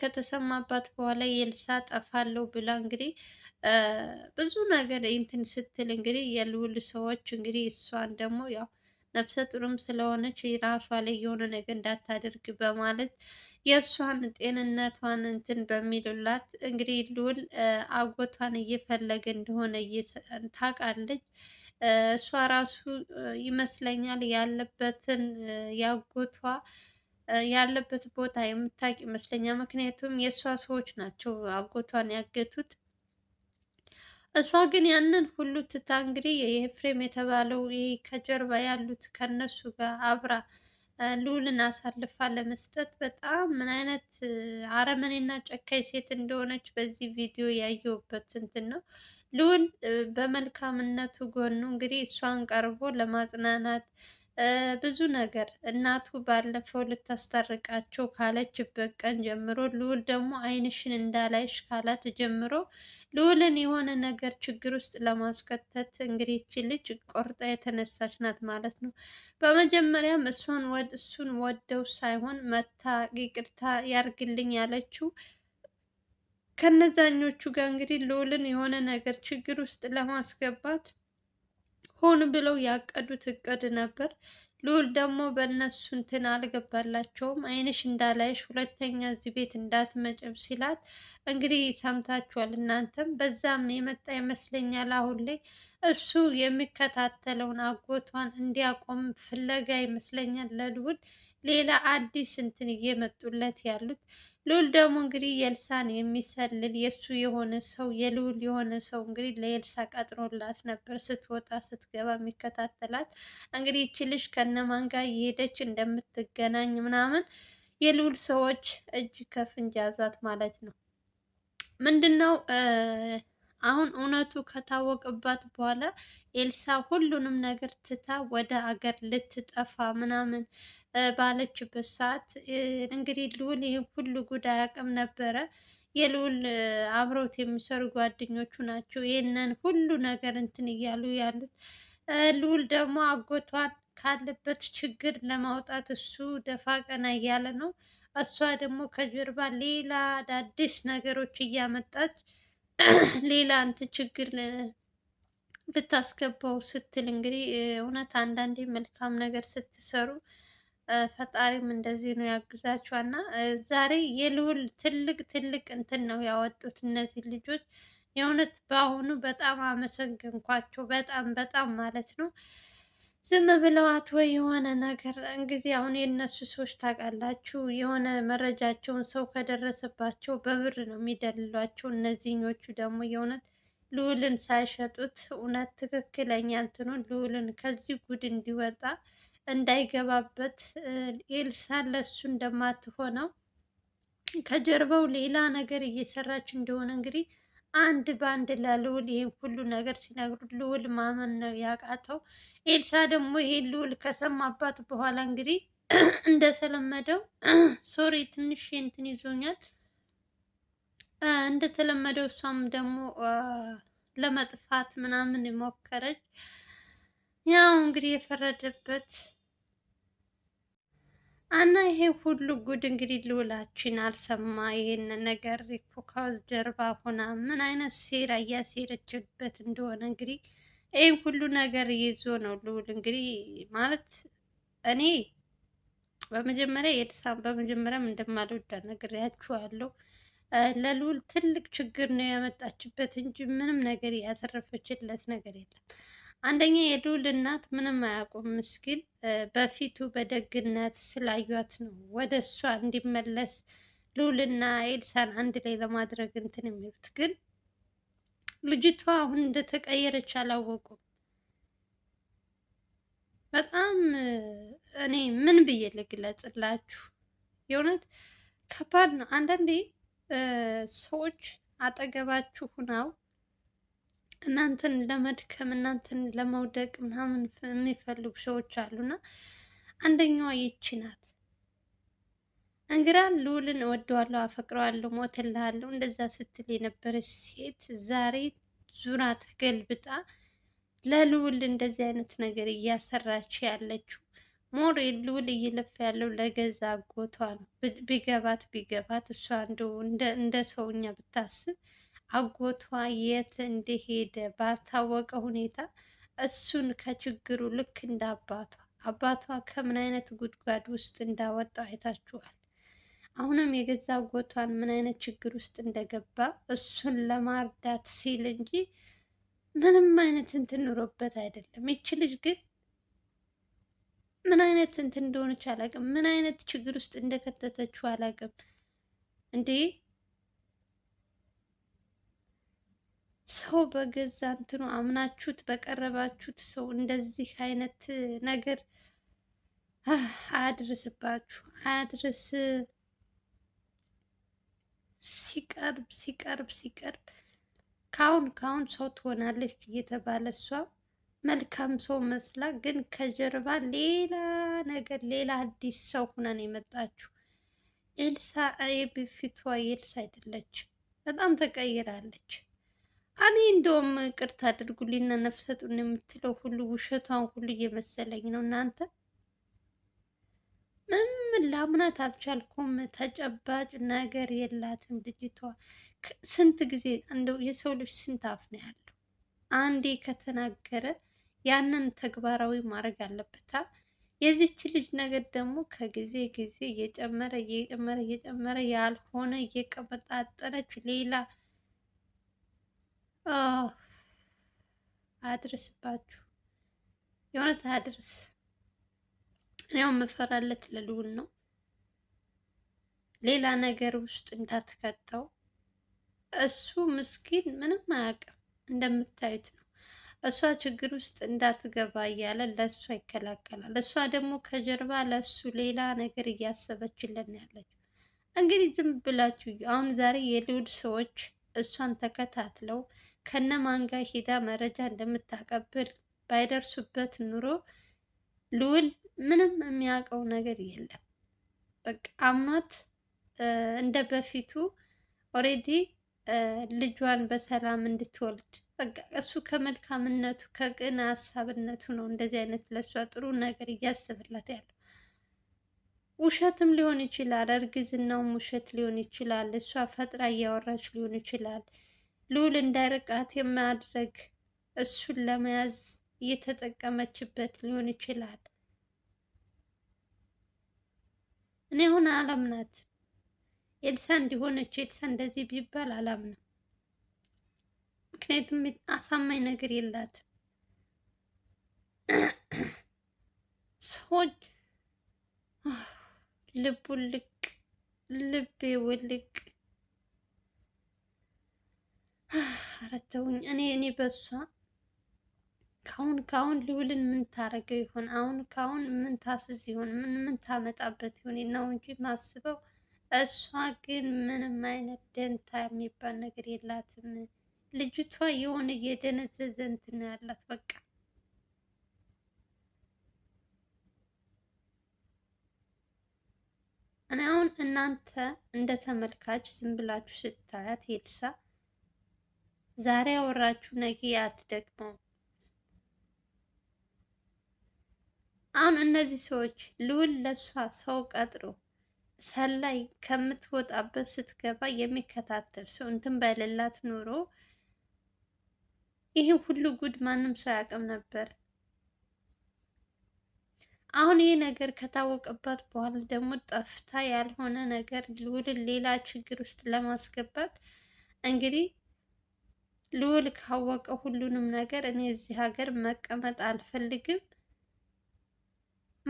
ከተሰማባት በኋላ የልሳ ጠፋለሁ ብላ እንግዲህ ብዙ ነገር እንትን ስትል እንግዲህ የልውል ሰዎች እንግዲህ እሷን ደግሞ ያው ነፍሰ ጡርም ስለሆነች ራሷ ላይ የሆነ ነገር እንዳታደርግ በማለት የእሷን ጤንነቷን እንትን በሚሉላት እንግዲህ ልውል አጎቷን እየፈለገ እንደሆነ ታውቃለች። እሷ ራሱ ይመስለኛል ያለበትን ያጎቷ ያለበት ቦታ የምታውቅ ይመስለኛል። ምክንያቱም የእሷ ሰዎች ናቸው አጎቷን ያገቱት። እሷ ግን ያንን ሁሉ ትታ እንግዲህ የኤፍሬም የተባለው ከጀርባ ያሉት ከነሱ ጋር አብራ ልዑልን አሳልፋ ለመስጠት በጣም ምን አይነት አረመኔና ጨካኝ ሴት እንደሆነች በዚህ ቪዲዮ ያየሁበት እንትን ነው። ልዑል በመልካምነቱ ጎኑ እንግዲህ እሷን ቀርቦ ለማጽናናት ብዙ ነገር እናቱ ባለፈው ልታስታርቃቸው ካለችበት ቀን ጀምሮ ልዑል ደግሞ አይንሽን እንዳላይሽ ካላት ጀምሮ ልዑልን የሆነ ነገር ችግር ውስጥ ለማስከተት እንግዲህ ይቺ ልጅ ቆርጣ የተነሳች ናት ማለት ነው። በመጀመሪያም እሷን እሱን ወደው ሳይሆን መታ ይቅርታ ያርግልኝ ያለችው ከነዛኞቹ ጋር እንግዲህ ልዑልን የሆነ ነገር ችግር ውስጥ ለማስገባት ሆን ብለው ያቀዱት እቅድ ነበር። ልዑል ደግሞ በእነሱ እንትን አልገባላቸውም። አይንሽ እንዳላይሽ ሁለተኛ እዚህ ቤት እንዳትመጭም ሲላት እንግዲህ ሰምታችኋል እናንተም። በዛም የመጣ ይመስለኛል። አሁን ላይ እሱ የሚከታተለውን አጎቷን እንዲያቆም ፍለጋ ይመስለኛል ለልዑል ሌላ አዲስ እንትን እየመጡለት ያሉት። ልዑል ደግሞ እንግዲህ የልሳን የሚሰልል የእሱ የሆነ ሰው የልዑል የሆነ ሰው እንግዲህ ለየልሳ ቀጥሮላት ነበር። ስትወጣ ስትገባ የሚከታተላት እንግዲህ ይቺ ልጅ ከነማን ጋር እየሄደች እንደምትገናኝ ምናምን የልዑል ሰዎች እጅ ከፍንጅ ያዟት ማለት ነው ምንድን ነው አሁን እውነቱ ከታወቀባት በኋላ ኤልሳ ሁሉንም ነገር ትታ ወደ ሀገር ልትጠፋ ምናምን ባለችበት ሰዓት እንግዲህ ልዑል ይህን ሁሉ ጉዳይ አያውቅም ነበረ። የልዑል አብረውት የሚሰሩ ጓደኞቹ ናቸው ይህንን ሁሉ ነገር እንትን እያሉ ያሉት። ልዑል ደግሞ አጎቷን ካለበት ችግር ለማውጣት እሱ ደፋ ቀና እያለ ነው። እሷ ደግሞ ከጀርባ ሌላ አዳዲስ ነገሮች እያመጣች ሌላ አንተ ችግር ልታስገባው ስትል እንግዲህ እውነት አንዳንዴ መልካም ነገር ስትሰሩ ፈጣሪም እንደዚህ ነው ያግዛቸዋ እና ዛሬ የልውል ትልቅ ትልቅ እንትን ነው ያወጡት እነዚህ ልጆች የእውነት በአሁኑ በጣም አመሰግንኳቸው በጣም በጣም ማለት ነው ዝም ብለዋት ወይ የሆነ ነገር እንግዲህ አሁን የእነሱ ሰዎች ታውቃላችሁ፣ የሆነ መረጃቸውን ሰው ከደረሰባቸው በብር ነው የሚደልሏቸው። እነዚህኞቹ ደግሞ የእውነት ልዑልን ሳይሸጡት እውነት ትክክለኛ እንትኑን ልዑልን ከዚህ ጉድ እንዲወጣ እንዳይገባበት ኤልሳ ለሱ እንደማትሆነው ከጀርባው ሌላ ነገር እየሰራች እንደሆነ እንግዲህ አንድ በአንድ ለልዑል ይህን ሁሉ ነገር ሲነግሩ ልዑል ማመን ነው ያቃተው። ኤልሳ ደግሞ ይሄ ልዑል ከሰማባት በኋላ እንግዲህ እንደተለመደው ሶሪ ትንሽ እንትን ይዞኛል። እንደተለመደው እሷም ደግሞ ለመጥፋት ምናምን ሞከረች። ያው እንግዲህ የፈረደበት እና ይሄ ሁሉ ጉድ እንግዲህ ልውላችን አልሰማ። ይሄን ነገር እኮ ጀርባ ሆና ምን አይነት ሴራ እያሴረችበት እንደሆነ እንግዲህ ይህን ሁሉ ነገር ይዞ ነው ልውል እንግዲህ ማለት እኔ በመጀመሪያ የድሳም በመጀመሪያም እንደማልወዳ ነግሬያችኋለሁ። ለልውል ትልቅ ችግር ነው ያመጣችበት እንጂ ምንም ነገር ያተረፈችለት ነገር የለም። አንደኛ የልዑል እናት ምንም አያውቁም ምስኪን። በፊቱ በደግነት ስላዩት ነው ወደ እሷ እንዲመለስ ልዑልና ኤልሳን አንድ ላይ ለማድረግ እንትን የሚሉት ግን ልጅቷ አሁን እንደተቀየረች አላወቁም። በጣም እኔ ምን ብዬ ልግለጽላችሁ? የእውነት ከባድ ነው። አንዳንዴ ሰዎች አጠገባችሁ ሁነው እናንተን ለመድከም እናንተን ለመውደቅ ምናምን የሚፈልጉ ሰዎች አሉና አንደኛዋ ይቺ ናት። እንግዳ ልዑልን እወደዋለሁ፣ አፈቅረዋለሁ፣ ሞትልሃለሁ እንደዛ ስትል የነበረች ሴት ዛሬ ዙራ ተገልብጣ ለልዑል እንደዚህ አይነት ነገር እያሰራች ያለችው ሞር ልዑል እየለፋ ያለው ለገዛ አጎቷ ነው። ቢገባት ቢገባት እሷ እንደ ሰውኛ ብታስብ አጎቷ የት እንደሄደ ባልታወቀ ሁኔታ እሱን ከችግሩ ልክ እንደ አባቷ አባቷ ከምን አይነት ጉድጓድ ውስጥ እንዳወጣው አይታችኋል። አሁንም የገዛ አጎቷን ምን አይነት ችግር ውስጥ እንደገባ እሱን ለማርዳት ሲል እንጂ ምንም አይነት እንትን ኑሮበት አይደለም። ይቺ ልጅ ግን ምን አይነት እንትን እንደሆነች አላውቅም። ምን አይነት ችግር ውስጥ እንደከተተችው አላውቅም እንዴ ሰው በገዛ እንትኑ አምናችሁት በቀረባችሁት ሰው እንደዚህ አይነት ነገር አያድርስባችሁ፣ አያድርስ። ሲቀርብ ሲቀርብ ሲቀርብ ካሁን ካሁን ሰው ትሆናለች እየተባለ እሷ መልካም ሰው መስላ ግን ከጀርባ ሌላ ነገር ሌላ አዲስ ሰው ሁነን የመጣችሁ ኤልሳ የበፊቷ ኤልሳ አይደለችም። በጣም ተቀይራለች። እኔ እንደውም ቅርት አድርጉልኝና ነፍሰ ጡር የምትለው ሁሉ ውሸቷን ሁሉ እየመሰለኝ ነው። እናንተ ምንም ላምናት አልቻልኩም። ተጨባጭ ነገር የላትም ልጅቷ። ስንት ጊዜ እንደው የሰው ልጅ ስንት አፍ ነው ያለው? አንዴ ከተናገረ ያንን ተግባራዊ ማድረግ አለበታ። የዚች ልጅ ነገር ደግሞ ከጊዜ ጊዜ እየጨመረ እየጨመረ እየጨመረ ያልሆነ እየቀበጣጠረች ሌላ አያድርስባችሁ፣ የእውነት አያድርስ። እኔው የምፈራለት ልዑል ነው። ሌላ ነገር ውስጥ እንዳትከተው። እሱ ምስኪን ምንም አያውቅም፣ እንደምታዩት ነው። እሷ ችግር ውስጥ እንዳትገባ እያለ ለእሷ ይከላከላል። እሷ ደግሞ ከጀርባ ለእሱ ሌላ ነገር እያሰበችለን ያለችው። እንግዲህ ዝም ብላችሁ አሁን ዛሬ የልውድ ሰዎች እሷን ተከታትለው ከነማን ጋር ሂዳ መረጃ እንደምታቀብል ባይደርሱበት ኑሮ ልዑል ምንም የሚያውቀው ነገር የለም። በቃ አምኗት እንደ በፊቱ ኦሬዲ ልጇን በሰላም እንድትወልድ በቃ እሱ ከመልካምነቱ ከቅን ሀሳብነቱ ነው እንደዚህ አይነት ለእሷ ጥሩ ነገር እያስብላት ያለው። ውሸትም ሊሆን ይችላል፣ እርግዝናውም ውሸት ሊሆን ይችላል፣ እሷ ፈጥራ እያወራች ሊሆን ይችላል። ልዑል እንዳይርቃት የማድረግ እሱን ለመያዝ እየተጠቀመችበት ሊሆን ይችላል። እኔ አሁን አላምናት። ኤልሳ እንዲሆነች ኤልሳ እንደዚህ ቢባል አላምንም። ምክንያቱም አሳማኝ ነገር የላትም ሰዎች ልቡ ልቅ ልቤ ውልቅ። ኧረ ተውኝ። እኔ እኔ በሷ ካሁን ካሁን ልዑልን ምን ታደርገው ይሆን? አሁን ካሁን ምን ታስዝ ይሆን? ምን ምን ታመጣበት ይሆን ነው እንጂ ማስበው። እሷ ግን ምንም አይነት ደንታ የሚባል ነገር የላትም። ልጅቷ የሆነ የደነዘዘ እንትን ነው ያላት በቃ እኔ አሁን እናንተ እንደ ተመልካች ዝም ብላችሁ ስታያት ኤልሳ ዛሬ ያወራችሁ ነገ አትደግመውም። አሁን እነዚህ ሰዎች ልዑል ለሷ ሰው ቀጥሮ ሰላይ ከምትወጣበት ስትገባ የሚከታተል ሰው እንትን በሌላት ኖሮ ይህ ሁሉ ጉድ ማንም ሰው ሳያውቅም ነበር። አሁን ይህ ነገር ከታወቀባት በኋላ ደግሞ ጠፍታ ያልሆነ ነገር ልዑልን ሌላ ችግር ውስጥ ለማስገባት እንግዲህ ልዑል ካወቀ ሁሉንም ነገር እኔ እዚህ ሀገር መቀመጥ አልፈልግም፣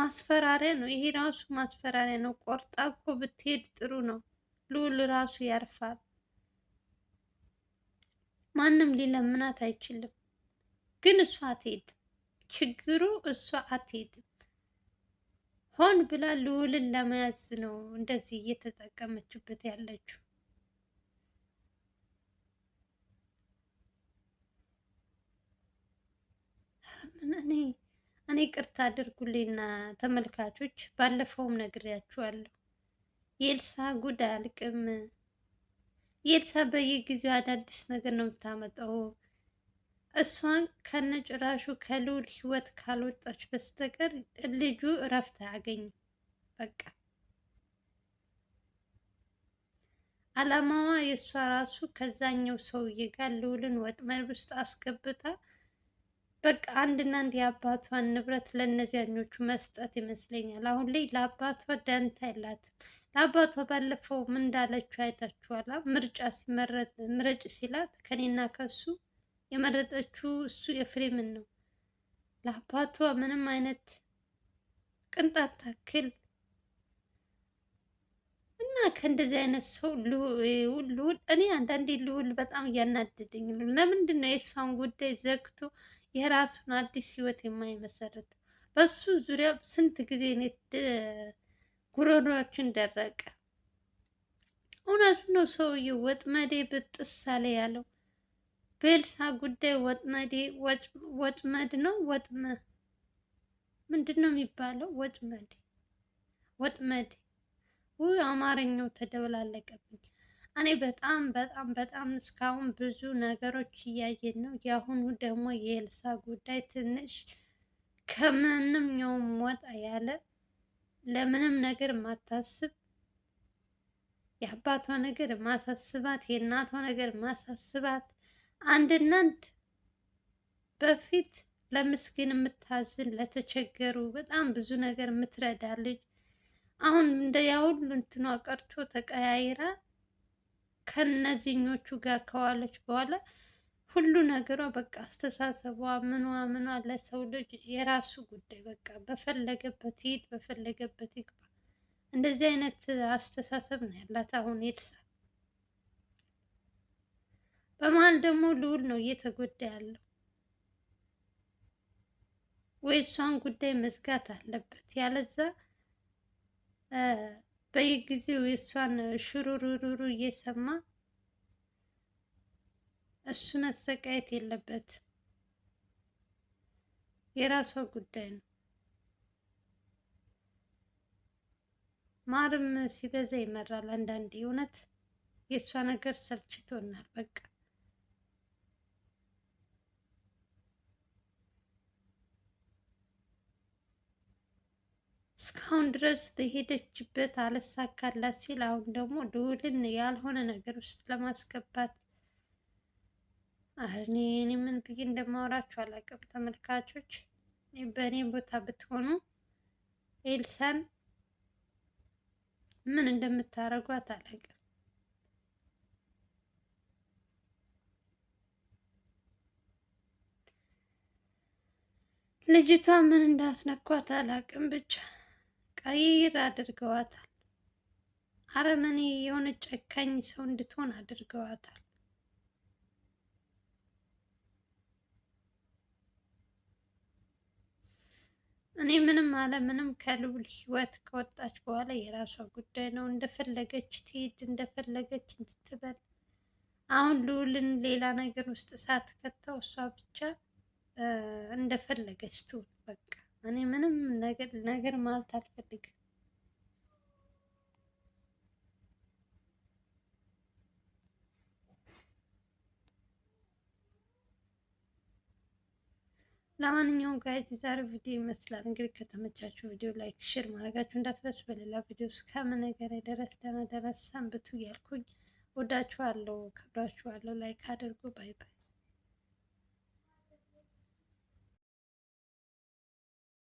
ማስፈራሪያ ነው ይሄ ራሱ ማስፈራሪያ ነው። ቆርጣ እኮ ብትሄድ ጥሩ ነው። ልዑል ራሱ ያርፋል። ማንም ሊለምናት አይችልም። ግን እሷ አትሄድም። ችግሩ እሷ አትሄድም። ሆን ብላ ልዑልን ለመያዝ ነው እንደዚህ እየተጠቀመችበት ያለችው። እኔ እኔ ቅርታ አድርጉልኝና ተመልካቾች፣ ባለፈውም ነግሬያችኋለሁ። የኤልሳ ጉድ አያልቅም። የኤልሳ በየጊዜው አዳዲስ ነገር ነው የምታመጣው። እሷን ከነጭራሹ ከልዑል ህይወት ካልወጣች በስተቀር ልጁ እረፍት አያገኝም። በቃ አላማዋ የእሷ ራሱ ከዛኛው ሰውዬ ጋር ልዑልን ወጥመድ ውስጥ አስገብታ በቃ አንድና አንድ የአባቷን ንብረት ለእነዚያኞቹ መስጠት ይመስለኛል። አሁን ላይ ለአባቷ ደንታ የላትም። ለአባቷ ባለፈው ምን እንዳለችው አይታችኋላ? ምርጫ ሲመረጥ ምረጭ ሲላት ከኔና ከሱ የመረጠችው እሱ ኤፍሬምን ነው። ለአባቷ ምንም አይነት ቅንጣት ታክል እና ከእንደዚህ አይነት ሰው ልዑል እኔ አንዳንዴ ልዑል በጣም እያናደደኝ ነው። ለምንድን ነው የእሷን ጉዳይ ዘግቶ የራሱን አዲስ ህይወት የማይመሰረት? በሱ ዙሪያ ስንት ጊዜ እኔ ጉሮሮችን ደረቀ። እውነቱ ነው ሰውዬው ወጥመዴ ብጥስ አለ ያለው። በኤልሳ ጉዳይ ወጥመዴ ወጥመድ ነው ወጥመ ምንድን ነው የሚባለው? ወጥመድ ወጥመድ። ውይ አማርኛው ተደበላለቀብኝ። እኔ በጣም በጣም በጣም እስካሁን ብዙ ነገሮች እያየን ነው። የአሁኑ ደግሞ የኤልሳ ጉዳይ ትንሽ ከምንኛውም ወጣ ያለ ለምንም ነገር ማታስብ የአባቷ ነገር ማሳስባት፣ የእናቷ ነገር ማሳስባት እናት በፊት ለምስኪን የምታዝን ለተቸገሩ በጣም ብዙ ነገር የምትረዳ ልጅ አሁን እንደ ያ ሁሉ እንትኗ ቀርቶ ተቀያይራ ከነዚህኞቹ ጋር ከዋለች በኋላ ሁሉ ነገሯ በቃ አስተሳሰቧ ምኗ ምኗ ለሰው ልጅ የራሱ ጉዳይ በቃ በፈለገበት ሂድ፣ በፈለገበት ይግባ። እንደዚህ አይነት አስተሳሰብ ነው ያላት አሁን ኤልሳ። በመሀል ደግሞ ልዑል ነው እየተጎዳ ያለው። ወይ እሷን ጉዳይ መዝጋት አለበት፣ ያለዛ በየጊዜው የእሷን ሽሩሩሩሩ እየሰማ እሱ መሰቃየት የለበትም። የራሷ ጉዳይ ነው። ማርም ሲበዛ ይመራል። አንዳንዴ እውነት የእሷ ነገር ሰልችቶናል በቃ እስካሁን ድረስ በሄደችበት አልሳካላት ሲል አሁን ደግሞ ልዑልን ያልሆነ ነገር ውስጥ ለማስገባት እኔ እኔ ምን ብዬ እንደማወራችሁ አላውቅም ተመልካቾች። በእኔ ቦታ ብትሆኑ ኤልሳን ምን እንደምታደርጓት አላውቅም። ልጅቷ ምን እንዳስነኳት አላውቅም ብቻ ቀይር አድርገዋታል። አረመኔ የሆነ ጨካኝ ሰው እንድትሆን አድርገዋታል። እኔ ምንም አለ ምንም ከልዑል ህይወት ከወጣች በኋላ የራሷ ጉዳይ ነው። እንደፈለገች ትሄድ እንደፈለገች ትበል አሁን ልዑልን ሌላ ነገር ውስጥ ሳትከተው እሷ ብቻ እንደፈለገች ትውል በቃ። እኔ ምንም ነገር ነገር ማለት አልፈልግም። ለማንኛውም ጋይዝ የዛሬው ቪዲዮ ይመስላል። እንግዲህ ከተመቻችሁ ቪዲዮ ላይክ፣ ሼር ማድረጋችሁ እንዳትረሱ። በሌላ ቪዲዮ እስከምንገናኝ ድረስ ደህና ደህና ሰንብቱ እያልኩኝ ወዳችኋለሁ፣ ከብዳችኋለሁ። ላይክ አድርጉ። ባይ ባይ።